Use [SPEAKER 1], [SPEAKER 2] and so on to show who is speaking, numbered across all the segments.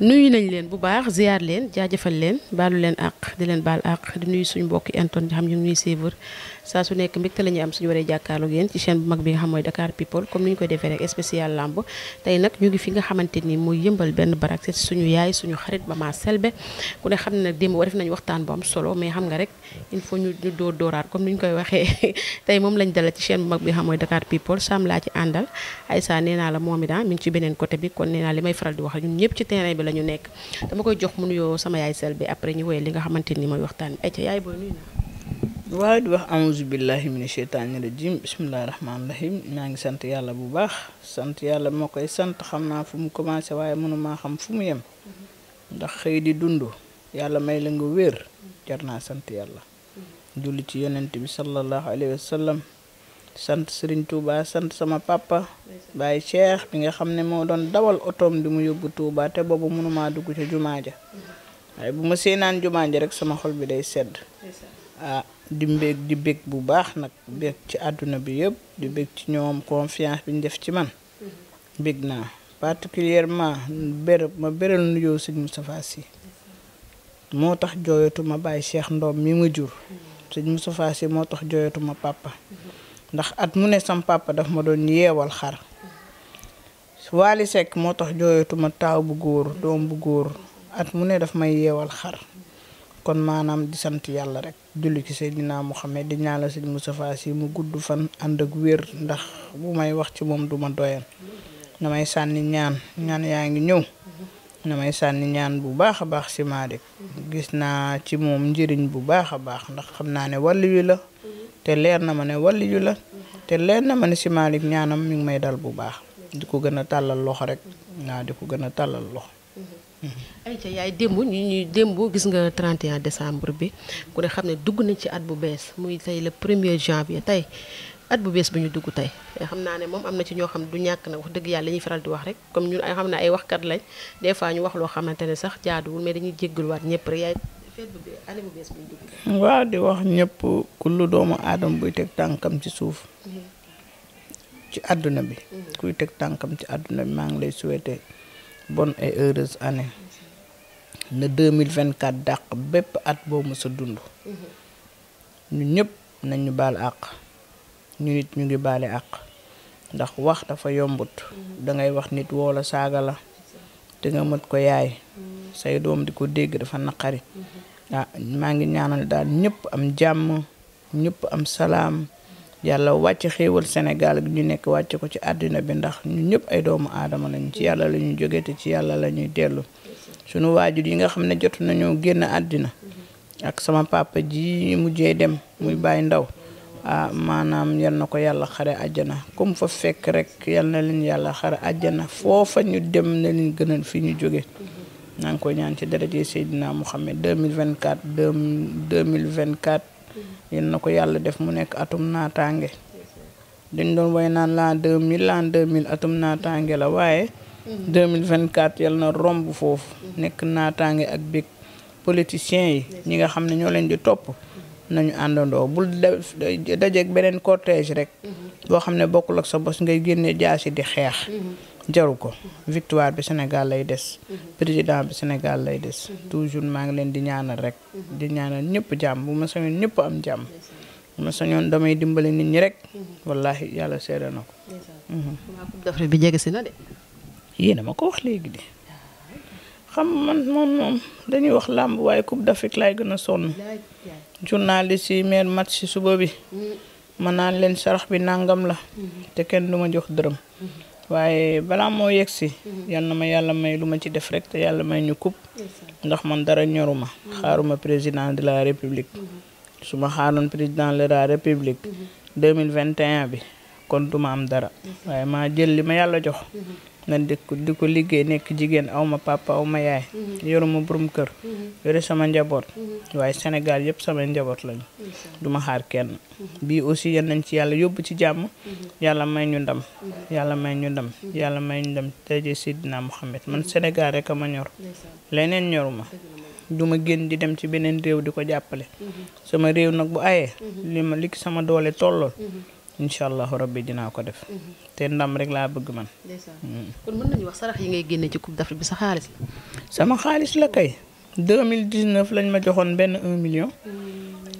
[SPEAKER 1] nuyu nañ leen bu baax ziar leen jaajëfal leen baalu leen àq di leen baal àq di nuyu suñu mbokki inton di xam ñu ngi ñuy suivre saa su nekk mbégte la ñuy am suñu waree jàkkaarloog yéen ci chaîne bu mag bi nga xam mooy Dakar nag ñu ngi fi nga xamante ni mooy yëmbal benn barak seet suñu yaay suñu xarit Mama Selbé ku ne xam ne nag nañ waxtaan bu am solo mais xam nga rek il faut ñu ñu dóor dóoraat comme ni koy waxee tey moom lañ dalal ci chaîne bu mag bi nga xam mooy Dakar ci àndal Aïssa nee naa la moom itam ah, mi ci beneen côté bi kon nee naa li may faral di wax ñun bi la ñu nekk dama koy jox mu nuyoo sama yaay sel après ñu woye li nga xamante ni mooy waxtaan bi ayca yaay booy nuyu
[SPEAKER 2] na waaye di wax auzu billahi mina sheytaani rajim bisimilahi rahmaani rahim maa ngi sant yàlla bu baax sant yàlla moo koy sant xam naa fu mu commencé waaye maa xam fu mu yem ndax xëy di dund yàlla may la nga wér jar naa sant yàlla mm-hmm. julli ci yonent bi sallallahu alayhi wa sant Serigne Touba sant sama papa Baye Cheikh bi nga xam ne moo doon dawal otoom di mu yóbbu Touba te boobu mënumaa dugg ca jumaa ja waaye bu ma seenaan jumaa ja rek sama xol bi day sedd ah di mbég bu baax nag bég ci àdduna bi yëpp di bég ci ñoom confiance bi ñu def ci man bég naa particulièrement bérëb ma béral nuyoo sëñ Moustapha Sy moo tax jooyatuma Baye Cheikh ndoom mi ma jur sëñ Moustapha Sy moo tax jooyatuma papa ndax at mu ne sam papa daf ma doon yeewal xar Waly Seck moo tax jooyatuma taaw bu góor doom bu góor at mu ne daf may yeewal xar kon maanaam di sant yàlla rek julli ci Seydina Muhammad di ñaanal Sëñ Moustapha Sy mu gudd fan ànd ak wér ndax bu may wax ci moom duma doyal damay sànni ñaan ñaan yaa ngi ñëw na may sànni ñaan bu baax a baax si Malick gis naa ci moom njëriñ bu baax a baax ndax xam naa ne wàll wi la te leer na ma ne waliyu la te leer na ma ne si ñaanam mi ngi may dal bu baax di ko gën a tàllal loxo rek waaw di ko gën a tàllal loxo
[SPEAKER 1] mm-hmm. ayca yaay démb ñu ñuy démb gis nga 31 décembre bi ku ne xam ne dugg nañ ci at bu bees muy tey le premier janvier tey at bu bees bi ñu dugg tey xam naa ne moom am na ci ñoo xam du ñàkk nag wax dëgg yàlla li ñuy faral di wax rek comme ñun ay xam ne ay waxkat lañ des fois ñu wax loo xamante ne sax jaaduwul mais dañuy jéggaluwaat ñëpp rek yaay waaw
[SPEAKER 2] di wax ñëpp kullu doomu aadama buy teg tànkam ci suuf mhm. ci àdduna bi mhm. kuy teg tànkam ci àdduna bi maa ngi lay souhaiter bonne et heureuse année mhm. na 2024 dàq bépp at boo mës dund ñu ñëpp nañu baal àq ñu nit ñu ngi baale àq ndax wax dafa yombut dangay wax nit woola saaga la te nga mët ko yaay say doom di ko dégg dafa naqari ah maa ngi ñaanal daal ñëpp am jàmm ñëpp am salaam yàlla wàcc xéewal Sénégal gi ñu nekk wàcc ko ci àddina bi ndax ñu ñëpp ay doomu aadama lañ ci yàlla la ñuy jóge te ci yàlla la ñuy dellu sunu waajur yi nga xam ne jotu nañoo génn àddina ak sama papa ji mujjee dem muy bàyyi ndaw ah maanaam yal na ko yàlla xare àjjana comme fa fekk rek yàlla na leen yàlla xare àjjana foofa ñu dem na leen gënal fi ñu jóge naa ngi koy ñaan ci daraje Seydina Mouhamed 2024 2024 yéen na ko yàlla def mu nekk atum naataange dañ doon way naan l'an 2000 l'an 2000 atum naataange la waaye mm-hmm. mille 2024 yal na romb foofu mm-hmm. nekk naataange ak bég politiciens yi ñi nga xam ne ñoo leen di topp mm-hmm. nañu àndandoo bul dajeeg beneen cortège rek boo xam ne bokkul ak sa bos ngay génne jaasi di xeex jaru ko victoire bi Sénégal lay des président bi Sénégal lay des toujours maa ngi leen di ñaanal rek di ñaanal ñëpp jàmm bu ma sañoon ñëpp am jàmm bu ma sañoon damay dimbali nit ñi rek wallahi yàlla seede na ko bi jege si na de yéena ma ko wax léegi de xam man moom moom dañuy wax làmb waaye Coupe d'Afrique lay gën a sonn journaliste si meer match si suba bi mm. ma naan leen sarax bi nàngam la mm-hmm. te kenn du jox dërëm waaye balaa moo yegg si. Mhm. yal na ma yàlla may lu ma ci def rek te yàlla may ñu kub. ndax man dara ñoru ma mhm. xaaruma président de la république. Mhm. su ma xaaroon président de la république. deux mille vingt 2021 bi kon duma am dara. waaye maa jël li ma yàlla jox. nan di ko di ko liggéey nekk jigéen aw ma papa aw ma yaay mhm. yoruma borom kër mhm. yore sama njaboot mhm. waaye Sénégal yëpp sama njaboot lañu duma xaar kenn bii aussi yal nañ ci yàlla yóbbu ci jàmm yàlla may ñu ndam yàlla may ñu ndam yàlla may ñu ndam tëje Sidina Mohamed man Sénégal rek a ma ñor leneen ñoruma duma génn di dem ci beneen réew di ko jàppale sama réew nag bu ayee li ma li sama doole tollool incha allahu rabbi dinaa ko def. Mhm. te ndam rek laa bëgg man.
[SPEAKER 1] Mhm. kon mën nañu yi ngay
[SPEAKER 2] génne ci coupe d'Afrique bi sa xaalis la. sama xaalis la kay. 2019 lañ ma joxoon benn 1 million.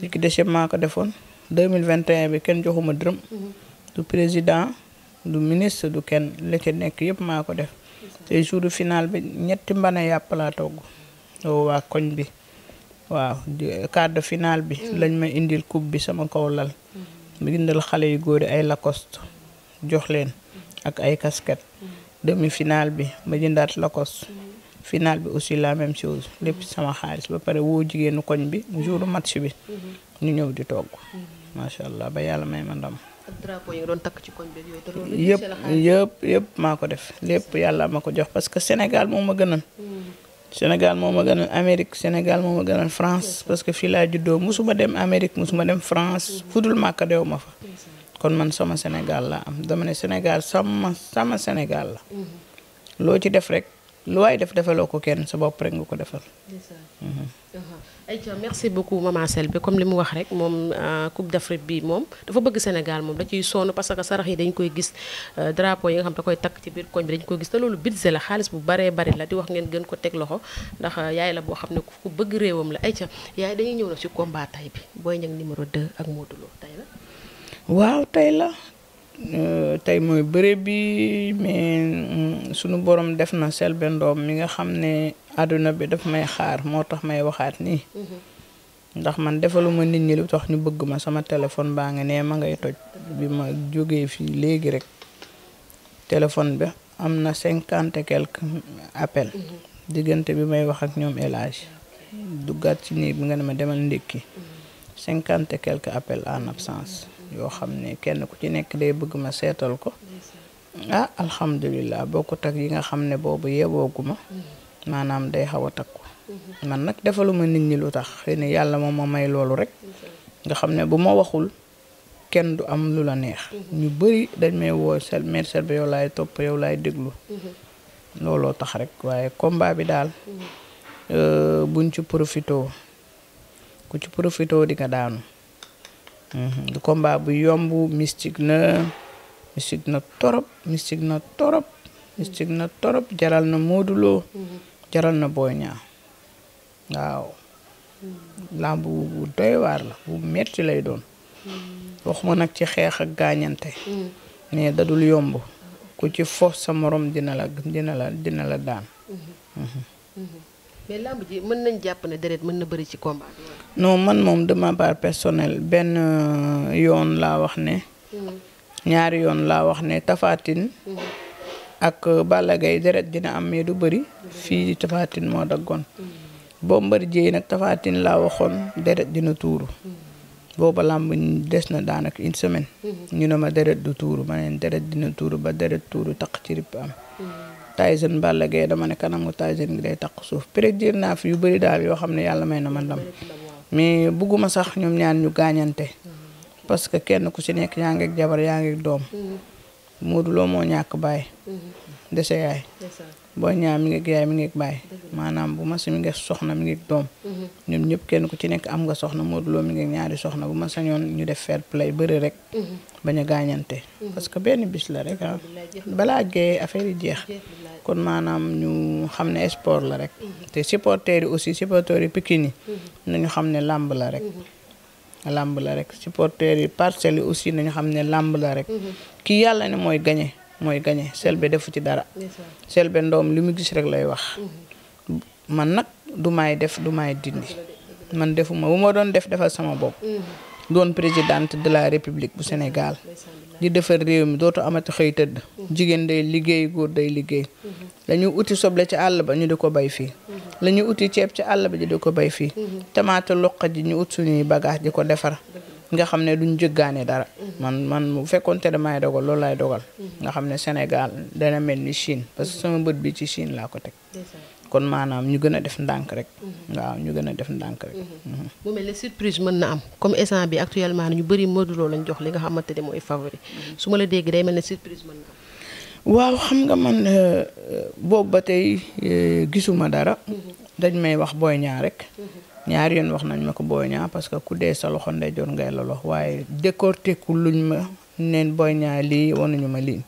[SPEAKER 2] li mm. ki dese maa ko defoon. 2021 bi kenn joxuma dërëm. Mhm. du président du ministre du kenn la nekk yëpp maa ko def. te jour final bi ñetti mbana yàpp laa togg. oo waa koñ bi. waaw quart de finale bi. Mm. lañ ma indil coupe bi sama kaw lal. mu bindal xale yu góor yi ay Lacoste jox leen ak ay casquette demi-finale bi ma jëndaat Lacoste finale bi aussi la même chose lépp sama xaalis ba pare woo jigéenu koñ bi jouru match bi ñu ñëw di togg macha allah ba yàlla may ma ndam.
[SPEAKER 1] drapeau takk ci koñ bi yëpp
[SPEAKER 2] yëpp maa ko def lépp yàlla ma ko jox parce que Sénégal moom ma gënal. Sénégal moo ma gënal Amérique Sénégal moo ma gënal France parce que fii laa juddoo musuma dem Amérique musuma dem France fudul màkka dew ma fa kon man sama Sénégal laa am dama ne Sénégal sama sama Sénégal la
[SPEAKER 3] mm-hmm.
[SPEAKER 2] loo ci def rek. lu waay def defaloo ko kenn sa bopp rek nga ko defal.
[SPEAKER 1] ayca mhm. merci beaucoup maman Selbé comme li mu wax rek moom ku euh, d'Afrique bi moom dafa bëgg Sénégal moom da ciy sonn parce que sarax yi dañ koy gis euh, drapeau yi nga xam da koy takk ci biir koñ bi dañ koy gis te loolu budget la xaalis bu baree bari la di wax ngeen gën ko teg loxo ndax euh, yaay la boo xam ne ku bëgg réewam la ay ayca yaay dañuy ñëw na ci combat tay bi booy Niang numéro 2 ak Modou Lo tey la.
[SPEAKER 2] waaw tey la Euh, tey mooy bëre bi mais mm, sunu borom def na Selbé Ndom mi nga xam ne àdduna bi daf may xaar moo tax may waxaat nii mm-hmm. ndax man defaluma nit ñi lu tax ñu bëgg ma sama téléphone baa nga nee ma ngay toj bi ma jógee fii léegi rek téléphone bi am na cinquante quelque appel mm-hmm. diggante bi may wax ak ñoom élage duggaat ci néeg bi nga ne ma demal ndékki mm-hmm. cinquante quelque appel en absence yoo xam ne kenn ku ci nekk day bëgg ma seetal ko ah alhamdulilah bokkut ak yi nga xam ne boobu yeboogu ma maanaam day xaw a ko man nag defaluma nit ñi lu tax xëy na yàlla moom ma may loolu rek nga xam ne bu ma waxul kenn du am lu la neex ñu bëri dañ may woo sel mair sel ba yow laay topp yow laay déglu looloo tax rek waaye komba bi daal euh, buñ ci profito ku ci profito di nga daanu du combat bu yomb mystique na na torop mystique na torop mystique na torop jaral na mooduloo jaral na Boy waaw làmb bu doy waar la bu metti lay doon waxuma nag ci xeex ak gaañante mais dadul yomb ku ci fo sa morom dina la dina la dina la daan mhm. Mhm.
[SPEAKER 1] Mhm. mais làmb ji mën nañ jàpp ne deret mën na bëri ci combat
[SPEAKER 2] bi. man moom de ma part personnelle benn euh, yoon laa wax ne. Hmm. ñaari yoon laa wax ne tafaatin hmm. ak euh, Balla Gaye deret dina am mais du bëri. fii Tapha Tine moo daggoon. Hmm. Bombardier nag tafaatin laa waxoon deret dina tuuru. booba làmb des na daanak une semaine. ñu ne ma deret du tuuru ma ne deret dina tuuru ba deret tuuru taq ci ripp am. Tyson Balla Gaye dama ne kanamu Tyson gi day takk suuf prédire naa fi yu bëri daal yoo xam ne yàlla may na ma ndam mais bugguma sax ñoom ñaan ñu gaañante parce que kenn ku ci nekk yaa ngi ak jabar yaa ngi doom Modou moo ñàkk baay dese yaay boo ñaa mi ngi yaay mi ngi baay maanaam bu ma si mi ngi soxna mi ngi doom ñoom ñëpp kenn ku ci nekk am nga soxna Modou Lo mi ngi ñaari soxna bu ma sa sañoon ñu def fair play bëri rek bañ gaañante parce kon maanaam ñu xam ne sport la rek mhm. te supporters yi aussi supporters yi Pikine yi mhm. nañu xam ne làmb la rek
[SPEAKER 3] mhm.
[SPEAKER 2] làmb la rek supporters yi Parcelles yi aussi nañu xam ne làmb la rek kii yàlla ne mooy gañe mooy gañe selbe defu ci dara selbe ndoom li mu gis rek lay wax man nag du may def du may dindi man defuma bu ma doon def defal sama bopp doon présidente de la république bu Sénégal di defar réew mi dootu amati xëy jigéen day liggéey góor day liggéey la ñuy uti soble ci àll ba ñu di ko bay fii la ñuy uti ceeb ci àll ba ñu di ko bay fii tamaate loqa ji ñu ut suñuy bagage di ko defar nga xam ne duñ jëggaane dara man man mu fekkoonte damay dogal loolu lay dogal nga xam ne Sénégal dana mel ni Chine parce que sama bët bi ci Chine laa ko teg kon maanaam ñu gën a def ndànk rek. Mhm. waaw ñu gën a def ndànk rek. Mhm. Mhm.
[SPEAKER 1] mu mel ne surprise mën na am comme instant bi actuellement ñu bëri Modou Lo lañ jox li nga xamante ne mooy favori su ma la dégg day mel ne surprise mën na
[SPEAKER 2] waaw xam nga man euh, boobu ba tey euh, gisuma dara. dañ may wax booy ñaar rek. ñaar yoon wax nañ ma ko booy ñaar parce que ku dee sa loxo ndeyjoor ngay la lox waaye décortéku luñ ma neen booy ñaar lii wanuñu ma lii.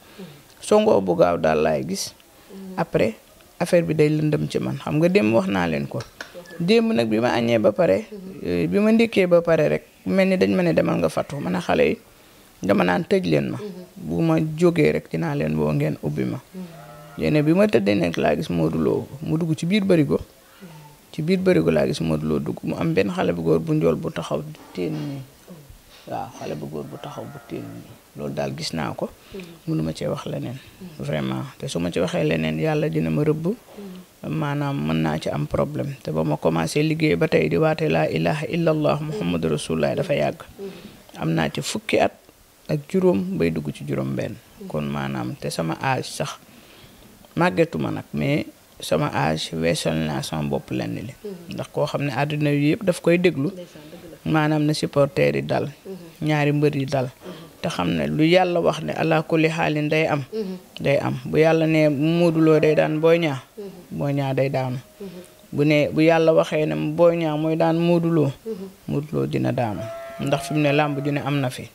[SPEAKER 2] songoo bu gaaw daal laay gis. après affaire bi day lëndëm ci man xam nga dem wax naa leen ko démb nag bi ma aññee ba pare eh, bi ma ndékkee ba pare rek mel ni dañ ma ne demal nga fatu ma ne xale yi dama naan tëj leen ma bu ma jógee rek dinaa leen boo ngeen ubbi ma yéene bi ma tëddee nekk laa gis Modou mu dugg ci biir barigo ci biir barigo laa gis Modou Lo dugg mu am benn xale bu góor bu njool bu taxaw teen nii waaw xale bu góor bu taxaw bu téye loolu daal gis naa ko. Mm-hmm. mënu ma cee wax leneen. Mm-hmm. vraiment te su ma ci waxee leneen yàlla dina ma rëbb. Mm-hmm. maanaam mën naa ci am problème te ba ma commencé liggéey ba tey di waate laa ilaha illallah muhammadu rasulullah dafa yàgg. am naa ci fukki at ak juróom bay dugg ci juróom-benn. kon maanaam te sama âge sax màggetuma nag mais. sama age weesal naa sama bopp lenn li ndax koo xam ne àddina yu yëpp daf koy déglu maanaam na supporter yi dal ñaari mbër yi dal te xam ne lu yàlla wax ne ala xaalin day am day am bu yàlla ne Modou Lo day daan Boy Niang Boy Niang day daanu bu ne bu yàlla waxee ne Boy Niang mooy daan Modou Lo dina daanu ndax fi mu ne làmb ju ne am na fi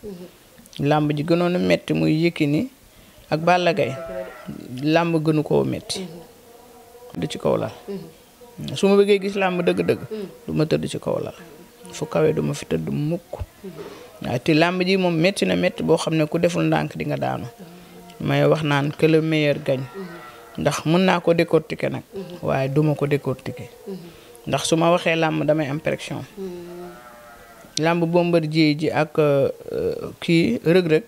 [SPEAKER 2] làmb ji gënoon a metti muy ni ak Balla Gaye làmb gënu koo metti du ci kaw lal su ma bëggee gis làmb dëgg-dëgg ma tëdd ci kaw lal fu kawe duma fi tëdd mukk waaye te làmb ji moom metti na métti boo xam ne ku deful ndànk di nga daanu may wax naan que le meilleur gagne ndax mën naa ko décortiquer nag waaye duma ko décortiquer ndax su ma waxee làmb damay am pression làmb boo Bombardier ji ak euh, kii rëg-rëg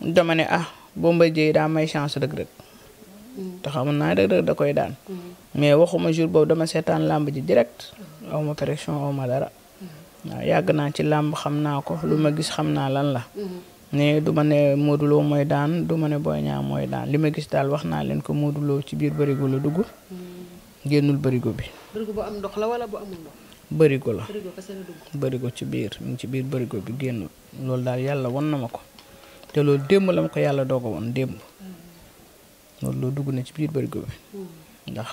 [SPEAKER 2] dama ne ah Bombardier daa may chance rëg-rëg te naa rëg-rëg da koy daan mais waxuma jour boobu dama seetaan làmb ji direct awma pression awma dara waaw yàgg naa ci làmb xam naa ko lu ma gis xam naa lan la. ne du ma ne Modou Lo mooy daan du ma ne Boy mooy daan li ma gis daal wax naa leen ko Modou ci biir bërigo la dugg. génnul bërigo bi.
[SPEAKER 1] ndox la wala bu amul
[SPEAKER 2] ndox. bërigo ci biir ci biir bërigo bi génnul loolu daal yàlla won na ma ko te loolu démb la ma ko yàlla doog a woon démb loolu loo dugg na ci biir bërigo bi mm. ndax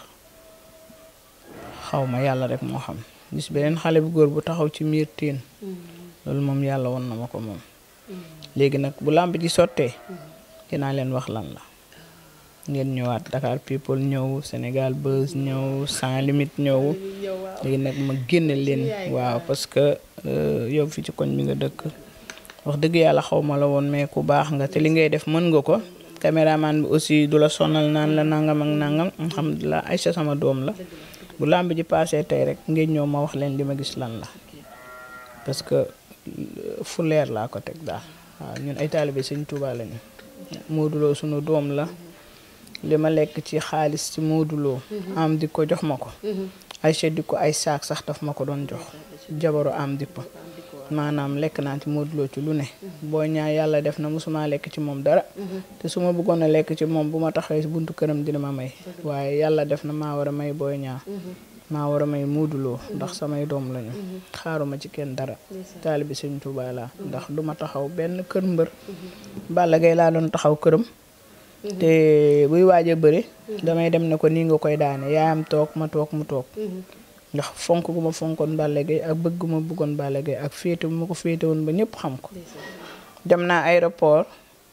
[SPEAKER 2] xaw ma yàlla rek moo xam. gis beneen xale bu góor bu taxaw ci miir tiin mm-hmm. loolu moom yàlla woon na ma ko moom mm-hmm. léegi nag bu làmb ji sottee mm-hmm. dinaa leen wax lan la ngeen ñëwaat Dakar People ñëw Sénégal Buzz ñëw Sans Limite ñëw léegi nag ma génne leen waaw parce que euh, yow fi ci koñ bi nga dëkk wax dëgg yàlla xaw ma la woon mais ku baax nga te li ngay def mën nga ko caméraman bi aussi du la sonnal naan la nangam ak nangam alhamdulilah Aïcha sama doom la bu làmb ji paasee tey rek ngeen ñëw ma wax leen li ma gis lan la parce que euh, fu leer laa ko teg daal waaw ñun ay taalibe sëñ Tuubaa lañu Modou Lo sunu doom la li ma lekk ci xaalis ci Modou mhm. am di ko jox ma ko mhm. Aïcha di ko ay saak sax daf ma ko doon jox jabaru am di ko maanaam lekk naa ci Modou ci lu ne boo ñaa yàlla def na mosuma lekk ci moom dara te su ma bëggoon a lekk ci moom bu ma taxaw si buntu këram dina ma may waaye yàlla def na maa war a may booy ñaa maa war a may muuduloo Lo ndax samay doom lañu xaaruma ci kenn dara taalibi Sëñ Tuubaa laa ndax du ma taxaw benn kër mbër Balla gay laa doon taxaw këram te buy waaj a bëri damay dem ne ko nii nga koy daane yaayam toog ma toog mu toog ndax fonk gu ma fonkoon Balla Gaye ak bëgg ma bëggoon Balla Gaye ak féete bu ma ko féete ba ñëpp xam ko. dem naa aéroport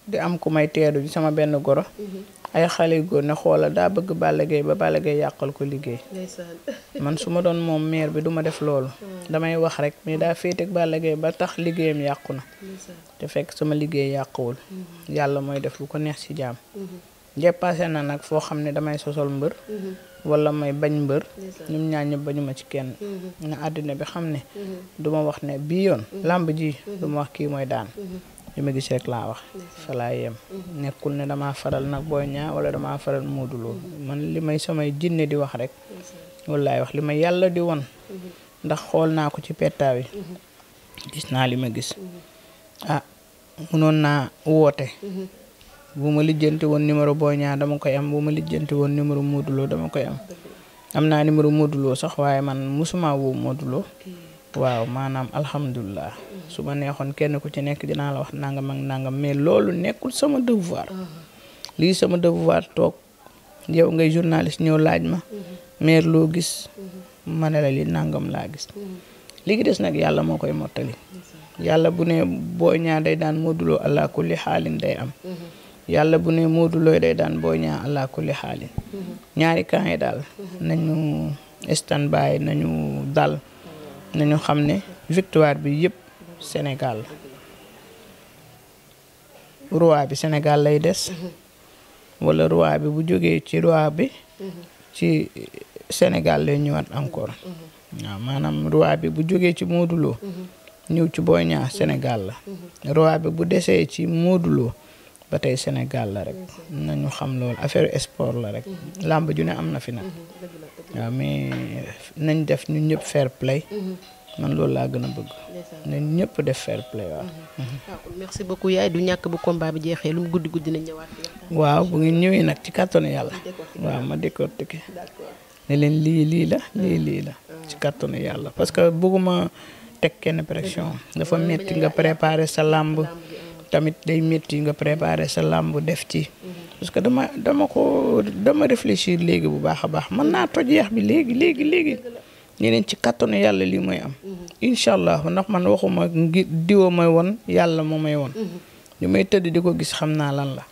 [SPEAKER 2] di am ku may teeru ji sama benn goro. Mhm. ay xale góor ne xoolal daa bëgg Balla Gaye ba Balla Gaye yàqal ko liggéey. man su ma doon moom maire bi duma def loolu. Hmm. damay wax rek mais daa féete ak Balla ba tax liggéeyam yàqu na. te fekk sama liggéey yàquwul. Mhm. yàlla mooy def lu ko neex ci jaam. Mhm. dépassé na nag foo xam ne damay sosol mbër mhm. wala may bañ mbër ñum ñaar ñëpp bañu ci kenn mhm. na àddina bi xam ne mhm. duma wax ne bii yoon làmb ji duma wax kii mooy daan li ma gis rek laa wax fa yem nekkul ne dama faral nag booy ñaa wala dama faral Modou Lo man li may samay jinne di wax rek wallaay wax li ma yàlla di won ndax xool naa ko ci pettaaw yi gis naa li ma gis ah mënoon naa woote bu ma lijjante woon numéro Boy Niang dama koy am bu ma lijjanti woon numéro Modou dama koy am am naa numéro Modou sax waaye man musuma woo Modou waaw maanaam alhamdulilah su ma neexoon kenn ku ci nekk dinaa la wax nangam ak nangam mais loolu nekkul sama devoir lii sama devoir toog yow ngay journaliste ñëw laaj ma mais loo gis ma ne la li nangam laa gis léegi des nag yàlla moo koy mottali yàlla bu ne Boy Niang day daan Modou Lo allah kulli xaalin day am. yàlla bu ne Modou Lo day daan boo Niang allah kulli xaalin mm-hmm. ñaari camp yi daal mm-hmm. ñu stand by nañu dal nañu xam ne victoire bi yëpp Sénégal la roi bi Sénégal lay des mm-hmm. wala roi bi bu jógee ci roi bi ci Sénégal lay ñëwaat encore waaw maanaam roi bi bu jógee ci Modou ñëw ci Boy Niang Sénégal la roi bu desee ci Modou ba tey Sénégal la rek nañu xam loolu affaire sport la rek mhm. làmb ju ne am na fi nag mhm. waaw mais nañ def ñun ñëpp fair play mhm. man loolu laa gën a bëgg nañ ñëpp def fair play waaw ah,
[SPEAKER 1] merci du ñàkk bu combat bi jeexee lu mu guddi nañ ñëwaat
[SPEAKER 2] waaw bu ngeen ñëwee nag ci kàttanu yàlla waaw ma décortiqué ne leen lii lii la lii lii la ah. ci kàttanu yàlla parce que bëgguma teg kenn pression dafa metti nga préparer sa làmb ah. tamit day métti nga préparer sa làmb def ci. parce que dama dama ko dama réfléchir léegi bu baax a baax man naa toj yax bi léegi léegi léegi. ñeneen ci kattanu yàlla lii mooy am. incha allah ndax man waxuma ngi diwa may won yàlla moo may won ñu may tëdd di ko gis xam naa lan la.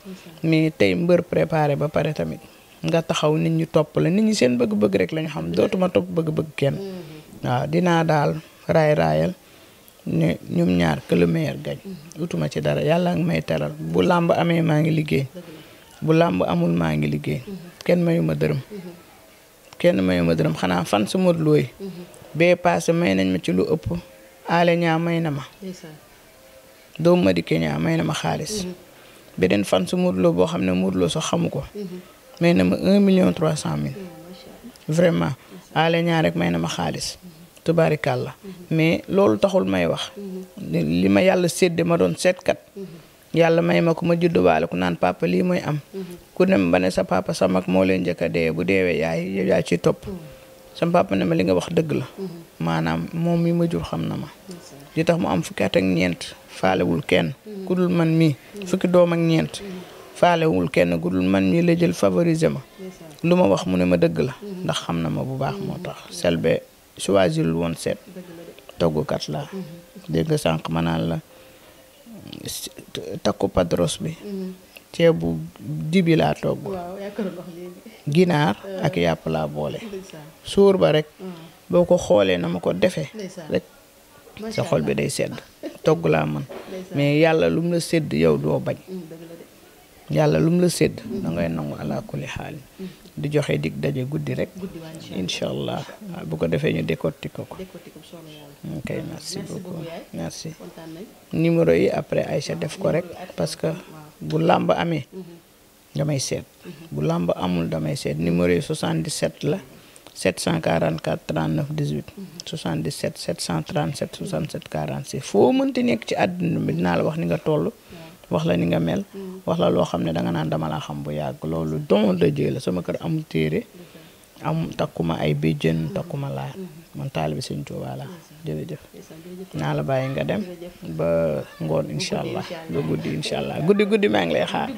[SPEAKER 2] mais tey mbër préparé ba pare tamit nga taxaw nit ñi topp la nit ñi seen bëgg-bëgg rek lañu xam dootuma topp bëgg-bëgg kenn. waaw dinaa daal raay raayal. ne ñoom ñaar que le meilleur gagne ci dara yàlla ngi may teral bu làmb amee maa ngi liggéey bu làmb amul maa ngi liggéey kenn mayu ma dërëm kenn mayu ma dërëm xanaa fan su ma looy bee paase may nañ ma ci lu ëpp ale ñaa may na ma doomu ma dikkee ñaa may na ma xaalis beneen fan su Modou boo xam ne Modou Lo sax xamu ko may na ma un million trois cent mil vraiment aale ñaa rek may na ma xaalis tubaarikàlla mais loolu taxul may wax li ma yàlla sédde ma doon seetkat yàlla may ma ku ma judduwaale ku naan papa lii mooy am ku dem ba ne sa papa sa mag moo leen njëkk a dee bu deewee yaay yaay ci topp sama papa ne ma li nga wax dëgg la maanaam moom mi ma jur xam na ma li tax mu am fukki at ak ñeent faalewul kenn ku dul man mii fukki doom ak ñeent faalewul kenn ku dul man mii la jël favoriser ma lu ma wax mu ne ma dëgg la ndax xam na ma bu baax moo tax Selbé choisir lu woon seet toggukat la mhm. dégg nga sànq ma naan la takku padros bi mhm. ceebu bu dibi laa togg ginaar euh. ak yàpp laa boole suur ba rek mhm. boo ko xoolee na ma ko defee rek sa xol bi day sedd togg laa mën mais yàlla lu la sedd yow doo bañ mm, yàlla lu mu la sédd da ngay nangu ala kulli di joxe dig daje guddi rek incha allah ah, bu ko defee ñu décortiquer ko ok ah, merci beaucoup merci numéro yi après ay Aïcha def ko rek parce que bu làmb amee mhm. damay seet mhm. bu làmb amul damay seet numéro yi 77 la 744 39 18 77 737 67 46 foo mënti nekk ci àdduna bi dinaa la wax ni nga toll wax la ni nga mel. wax la loo xam ne danga naan dama laa xam bu yàgg loolu don da Dieu sama kër amul téere am takkuma ay béjjën takkuma laa man taalibe sëñ Tuubaa la jërëjëf naa la bàyyi nga dem ba ngoon incha allah ba guddi incha allah guddi guddi maa ngi lay xaar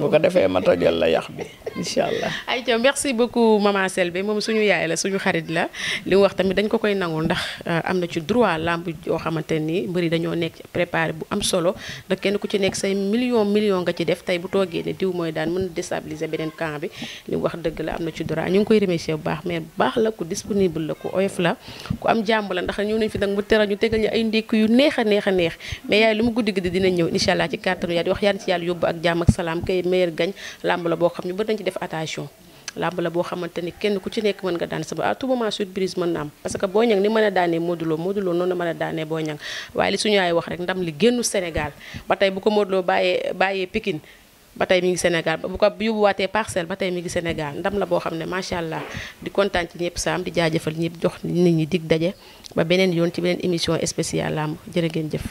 [SPEAKER 2] bu ko defee ma la yax bi incha allah
[SPEAKER 1] ayca merci beaucoup maman Selbé moom suñu yaay la suñu xarit la li wax tamit dañ ko koy nangul ndax euh, am na ci droit làmb yoo xamante ni mbëri dañoo nekk préparé bu am solo ndax kenn ku ci nekk say million million nga ci def tey bu toogee ne diw mooy daan mën a déstabiliser beneen camp bi li mu wax dëgg la am na ci droit ñu ngi koy remercier bu bu baax la ku la ku am jàmm la ndax ñëw nañ fi nag mu teral ñu tegal ñu ay ndékki yu neex a neex a neex mais yaay lu mu guddi guddi dinañ ñëw incha ci kàttanu yaay di wax yaan ci yàlla yóbbu ak jàmm ak salaam kay meilleur gañ làmb la boo xam ni mën a daanee Modou Lo noonu mën a daanee Boy Niang waaye li suñu yaay wax rek ndam li génnu Sénégal ba tey bu ko Modou bàyyee bàyyee Pikine ba tey mi ngi Sénégal bu ko yóbbuwaatee parcelle ba tey mi ngi Sénégal ndam la boo xam ne macha allah di kontaan ci ñëpp saam di jaajëfal ñëpp jox nit ñi dig daje ba beneen yoon ci beneen émission spéciale làmb jërë ngeen jëf.